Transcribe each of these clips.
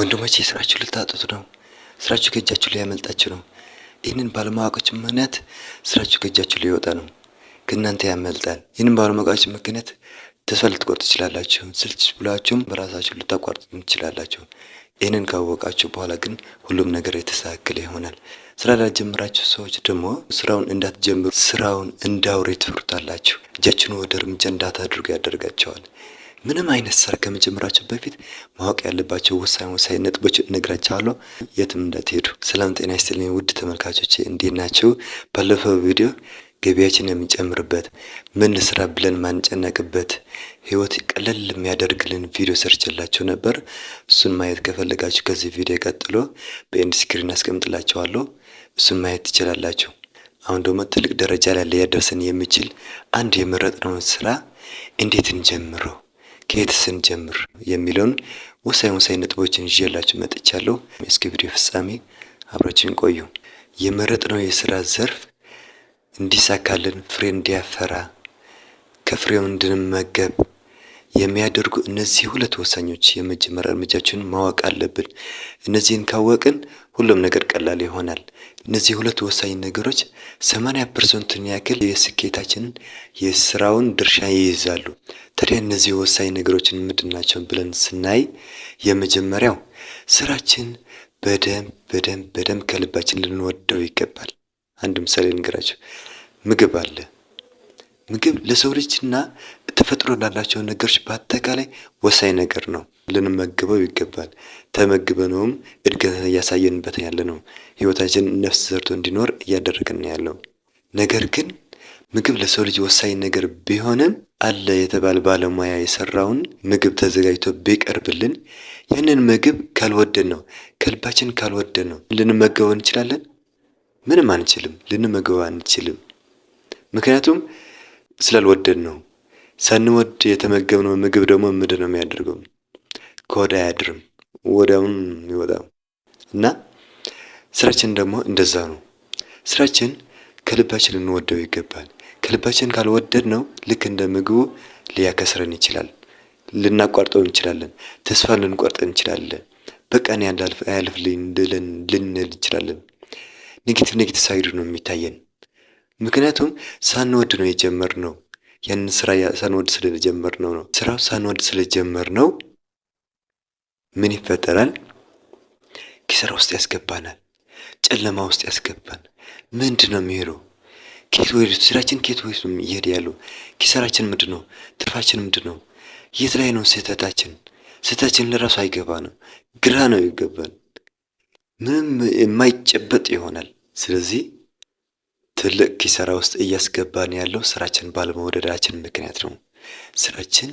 ወንድሞቼ ስራችሁ ልታጡት ነው። ስራችሁ ከእጃችሁ ሊያመልጣችሁ ነው። ይህንን ባለማወቃችን ምክንያት ስራችሁ ከእጃችሁ ሊወጣ ነው፣ ከእናንተ ያመልጣል። ይህንን ባለማወቃችን ምክንያት ተስፋ ልትቆርጡ ትችላላችሁ። ስልች ብላችሁም በራሳችሁ ልታቋርጡ ትችላላችሁ። ይህንን ካወቃችሁ በኋላ ግን ሁሉም ነገር የተስተካከለ ይሆናል። ስራ ላልጀመራችሁ ሰዎች ደግሞ ስራውን እንዳትጀምሩ፣ ስራውን እንዳውሬ ትፍሩታላችሁ። እጃችሁን ወደ እርምጃ እንዳታድርጉ ያደርጋቸዋል። ምንም አይነት ስራ ከመጀመራቸው በፊት ማወቅ ያለባቸው ወሳኝ ወሳኝ ነጥቦች እነግራቸዋለሁ። የትም እንዳትሄዱ። ሰላም ጤና ይስጥልኝ ውድ ተመልካቾች፣ እንዴት ናቸው? ባለፈው ቪዲዮ ገቢያችን የምንጨምርበት ምን ስራ ብለን ማንጨነቅበት ህይወት ቀለል የሚያደርግልን ቪዲዮ ሰርችላችሁ ነበር። እሱን ማየት ከፈለጋችሁ ከዚህ ቪዲዮ ቀጥሎ በኤንድ ስክሪን አስቀምጥላችኋለሁ፣ እሱን ማየት ትችላላችሁ። አሁን ደግሞ ትልቅ ደረጃ ላይ ሊያደርሰን የሚችል አንድ የመረጥነውን ስራ እንዴት እንጀምረው ከየት ስንጀምር የሚለውን ወሳኝ ወሳኝ ነጥቦችን ይዤላችሁ መጥቻለሁ። እስከ ቪዲዮ ፍጻሜ አብራችን ቆዩ። የመረጥነው የስራ ዘርፍ እንዲሳካልን፣ ፍሬ እንዲያፈራ፣ ከፍሬው እንድንመገብ የሚያደርጉ እነዚህ ሁለት ወሳኞች የመጀመሪያ እርምጃችን ማወቅ አለብን። እነዚህን ካወቅን ሁሉም ነገር ቀላል ይሆናል። እነዚህ ሁለት ወሳኝ ነገሮች ሰማንያ ፐርሰንቱን ያክል የስኬታችንን የስራውን ድርሻ ይይዛሉ። ታዲያ እነዚህ ወሳኝ ነገሮችን ምንድን ናቸው ብለን ስናይ የመጀመሪያው ስራችን በደንብ በደንብ በደንብ ከልባችን ልንወደው ይገባል። አንድ ምሳሌ ልንገራችሁ። ምግብ አለ። ምግብ ለሰው ልጅና ተፈጥሮ ላላቸው ነገሮች በአጠቃላይ ወሳኝ ነገር ነው። ልንመግበው ይገባል። ተመግበነውም እድገትን እያሳየንበት ያለ ነው። ህይወታችን ነፍስ ዘርቶ እንዲኖር እያደረግን ያለው ነገር ግን ምግብ ለሰው ልጅ ወሳኝ ነገር ቢሆንም አለ የተባለ ባለሙያ የሰራውን ምግብ ተዘጋጅቶ ቢቀርብልን ይህንን ምግብ ካልወደድ ነው ከልባችን ካልወደድ ነው ልንመገበው እንችላለን? ምንም አንችልም፣ ልንመገበው አንችልም። ምክንያቱም ስላልወደድ ነው። ሳንወድ የተመገብነው ምግብ ደግሞ ምንድን ነው የሚያደርገው? ከወዲያ አያድርም ወዲያውኑ የሚወጣው እና ስራችን ደግሞ እንደዛ ነው። ስራችን ከልባችን ልንወደው ይገባል። ከልባችን ካልወደድ ነው ልክ እንደ ምግቡ ሊያከስረን ይችላል። ልናቋርጠው እንችላለን። ተስፋ ልንቆርጥ እንችላለን። በቀን አያልፍልኝ ልንል እንችላለን። ኔጌቲቭ ኔጌቲቭ ሳይድ ነው የሚታየን። ምክንያቱም ሳንወድ ነው የጀመርነው። ያንን ስራ ሳንወድ ስለጀመር ነው ስራው ሳንወድ ነው ምን ይፈጠራል? ኪሳራ ውስጥ ያስገባናል፣ ጨለማ ውስጥ ያስገባን። ምንድን ነው የሚሄደው? ኬት ወይ ስራችን ኬት ወይ እየሄደ ያሉ ኪሳራችን ምንድን ነው? ትርፋችን ምንድን ነው? የት ላይ ነው ስህተታችን? ስህተታችን ለራሱ አይገባ ነው፣ ግራ ነው ይገባል። ምንም የማይጨበጥ ይሆናል። ስለዚህ ትልቅ ኪሳራ ውስጥ እያስገባን ያለው ስራችን ባለመወደዳችን ምክንያት ነው። ስራችን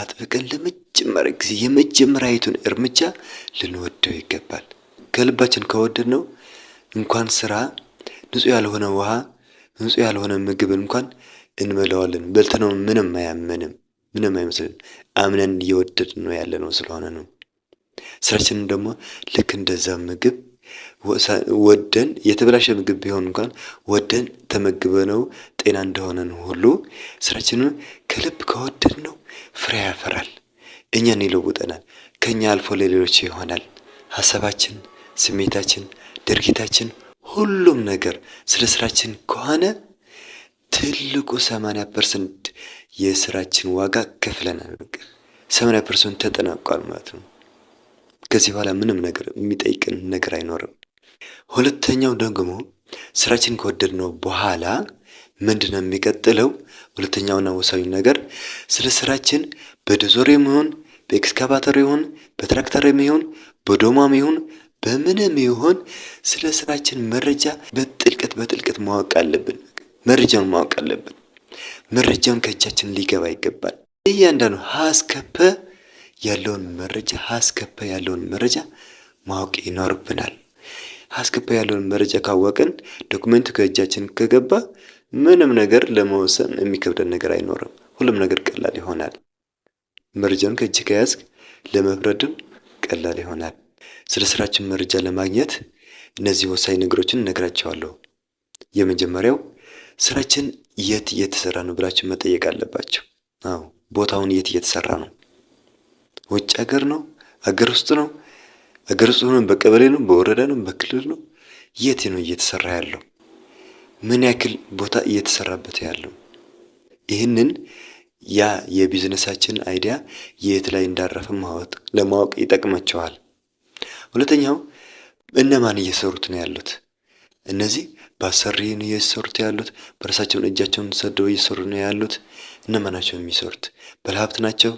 አጥብቀን ለመጀመሪያ ጊዜ የመጀመሪያዊቱን እርምጃ ልንወደው ይገባል። ከልባችን ከወደድ ነው እንኳን ስራ፣ ንጹህ ያልሆነ ውሃ፣ ንጹህ ያልሆነ ምግብ እንኳን እንበላዋለን። በልተነው ምንም አያመንም፣ ምንም አይመስልም አምነን እየወደድ ነው ያለ ነው ስለሆነ ነው። ስራችንን ደግሞ ልክ እንደዛ ምግብ ወደን የተበላሸ ምግብ ቢሆን እንኳን ወደን ተመግበነው ጤና እንደሆነን ሁሉ ስራችንን ከልብ ነው ፍሬ ያፈራል፣ እኛን ይለውጠናል፣ ከእኛ አልፎ ለሌሎች ይሆናል። ሀሳባችን፣ ስሜታችን፣ ድርጊታችን ሁሉም ነገር ስለ ስራችን ከሆነ ትልቁ 80 ፐርሰንት የስራችን ዋጋ ከፍለናል። በቃ ፐርሰንት ተጠናቋል ማለት ነው። ከዚህ በኋላ ምንም ነገር የሚጠይቅን ነገር አይኖርም። ሁለተኛው ደግሞ ስራችን ከወደድነው በኋላ ምንድን ነው የሚቀጥለው? ሁለተኛውና ወሳኙ ነገር ስለ ስራችን በዶዞር የሚሆን በኤክስካቫተር ይሁን በትራክተር የሚሆን በዶማም ይሁን በምንም ይሁን ስለ ስራችን መረጃ በጥልቀት በጥልቀት ማወቅ አለብን። መረጃውን ማወቅ አለብን። መረጃውን ከእጃችን ሊገባ ይገባል። እያንዳንዱ ሀስከፐ ያለውን መረጃ ሀስከፐ ያለውን መረጃ ማወቅ ይኖርብናል። ሀስከፐ ያለውን መረጃ ካወቅን ዶክመንቱ ከእጃችን ከገባ ምንም ነገር ለመወሰን የሚከብደን ነገር አይኖርም። ሁሉም ነገር ቀላል ይሆናል። መረጃውን ከእጅ ከያዝክ ለመፍረድም ቀላል ይሆናል። ስለ ስራችን መረጃ ለማግኘት እነዚህ ወሳኝ ነገሮችን እነግራቸዋለሁ። የመጀመሪያው ስራችን የት እየተሰራ ነው ብላችሁ መጠየቅ አለባቸው። አዎ ቦታውን የት እየተሰራ ነው ውጭ ሀገር ነው፣ ሀገር ውስጥ ነው፣ ሀገር ውስጥ ሆነን በቀበሌ ነው፣ በወረዳ ነው፣ በክልል ነው፣ የት ነው እየተሰራ ያለው? ምን ያክል ቦታ እየተሰራበት ያለው? ይህንን ያ የቢዝነሳችን አይዲያ የት ላይ እንዳረፈ ማወቅ ለማወቅ ይጠቅማቸዋል። ሁለተኛው እነማን እየሰሩት ነው ያሉት? እነዚህ በአሰሪ ነው እየሰሩት ያሉት? በራሳቸውን እጃቸውን ሰደው እየሰሩ ነው ያሉት? እነማን ናቸው የሚሰሩት? ባለሀብት ናቸው?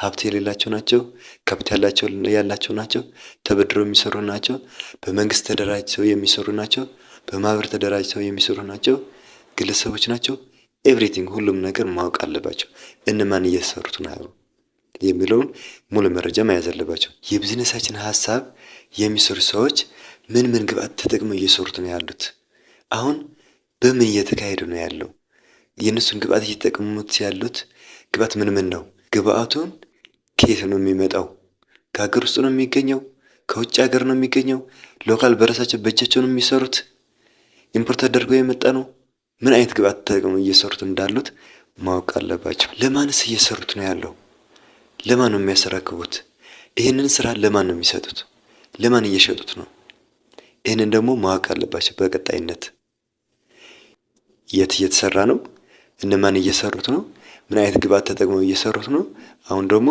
ሀብት የሌላቸው ናቸው፣ ከብት ያላቸው ያላቸው ናቸው፣ ተበድረው የሚሰሩ ናቸው፣ በመንግስት ተደራጅተው የሚሰሩ ናቸው፣ በማህበር ተደራጅተው የሚሰሩ ናቸው፣ ግለሰቦች ናቸው። ኤቭሪቲንግ ሁሉም ነገር ማወቅ አለባቸው። እነማን እየሰሩት ነው የሚለውን ሙሉ መረጃ መያዝ አለባቸው። የቢዝነሳችን ሀሳብ የሚሰሩ ሰዎች ምን ምን ግብአት ተጠቅመው እየሰሩት ነው ያሉት? አሁን በምን እየተካሄዱ ነው ያለው? የእነሱን ግብአት እየተጠቀሙት ያሉት ግብአት ምን ምን ነው? ግብአቱን ከየት ነው የሚመጣው? ከሀገር ውስጥ ነው የሚገኘው? ከውጭ ሀገር ነው የሚገኘው? ሎካል በራሳቸው በእጃቸው ነው የሚሰሩት? ኢምፖርት ተደርገው የመጣ ነው? ምን አይነት ግብአት ተጠቅመው እየሰሩት እንዳሉት ማወቅ አለባቸው። ለማንስ እየሰሩት ነው ያለው? ለማን ነው የሚያሰራክቡት? ይህንን ስራ ለማን ነው የሚሰጡት? ለማን እየሸጡት ነው? ይህንን ደግሞ ማወቅ አለባቸው። በቀጣይነት የት እየተሰራ ነው? እነማን እየሰሩት ነው? ምን አይነት ግብዓት ተጠቅመው እየሰሩት ነው? አሁን ደግሞ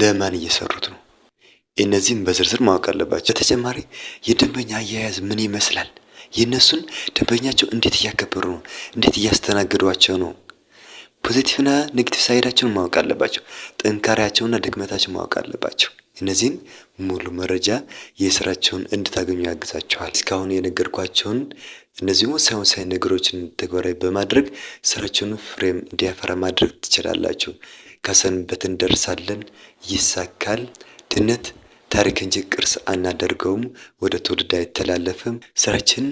ለማን እየሰሩት ነው? እነዚህም በዝርዝር ማወቅ አለባቸው። በተጨማሪ የደንበኛ አያያዝ ምን ይመስላል? የእነሱን ደንበኛቸው እንዴት እያከበሩ ነው? እንዴት እያስተናገዷቸው ነው? ፖዚቲቭና ኔጌቲቭ ሳይዳቸውን ማወቅ አለባቸው። ጥንካሬያቸውና ድክመታቸው ማወቅ አለባቸው። እነዚህን ሙሉ መረጃ የስራቸውን እንድታገኙ ያግዛቸዋል እስካሁን የነገርኳቸውን እነዚህ ሳይንሳዊ ነገሮችን ተግባራዊ በማድረግ ስራቸውን ፍሬም እንዲያፈራ ማድረግ ትችላላችሁ። ካሰንበት እንደርሳለን፣ ይሳካል። ድነት ታሪክ እንጂ ቅርስ አናደርገውም፣ ወደ ትውልድ አይተላለፍም። ስራችን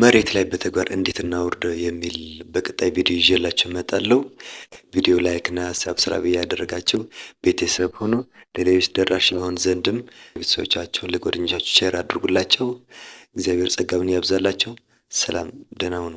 መሬት ላይ በተግባር እንዴት እናውርድ የሚል በቀጣይ ቪዲዮ ይዤላችሁ እመጣለሁ። ቪዲዮ ላይክና ሰብስክራይብ እያደረጋችሁ ቤተሰብ ሆኖ ለሌሎች ደራሽ ይሆን ዘንድም ቤተሰቦቻቸውን ለጓደኞቻቸው ሼር አድርጉላቸው። እግዚአብሔር ጸጋብን ያብዛላቸው። ሰላም፣ ደህና ሁኑ።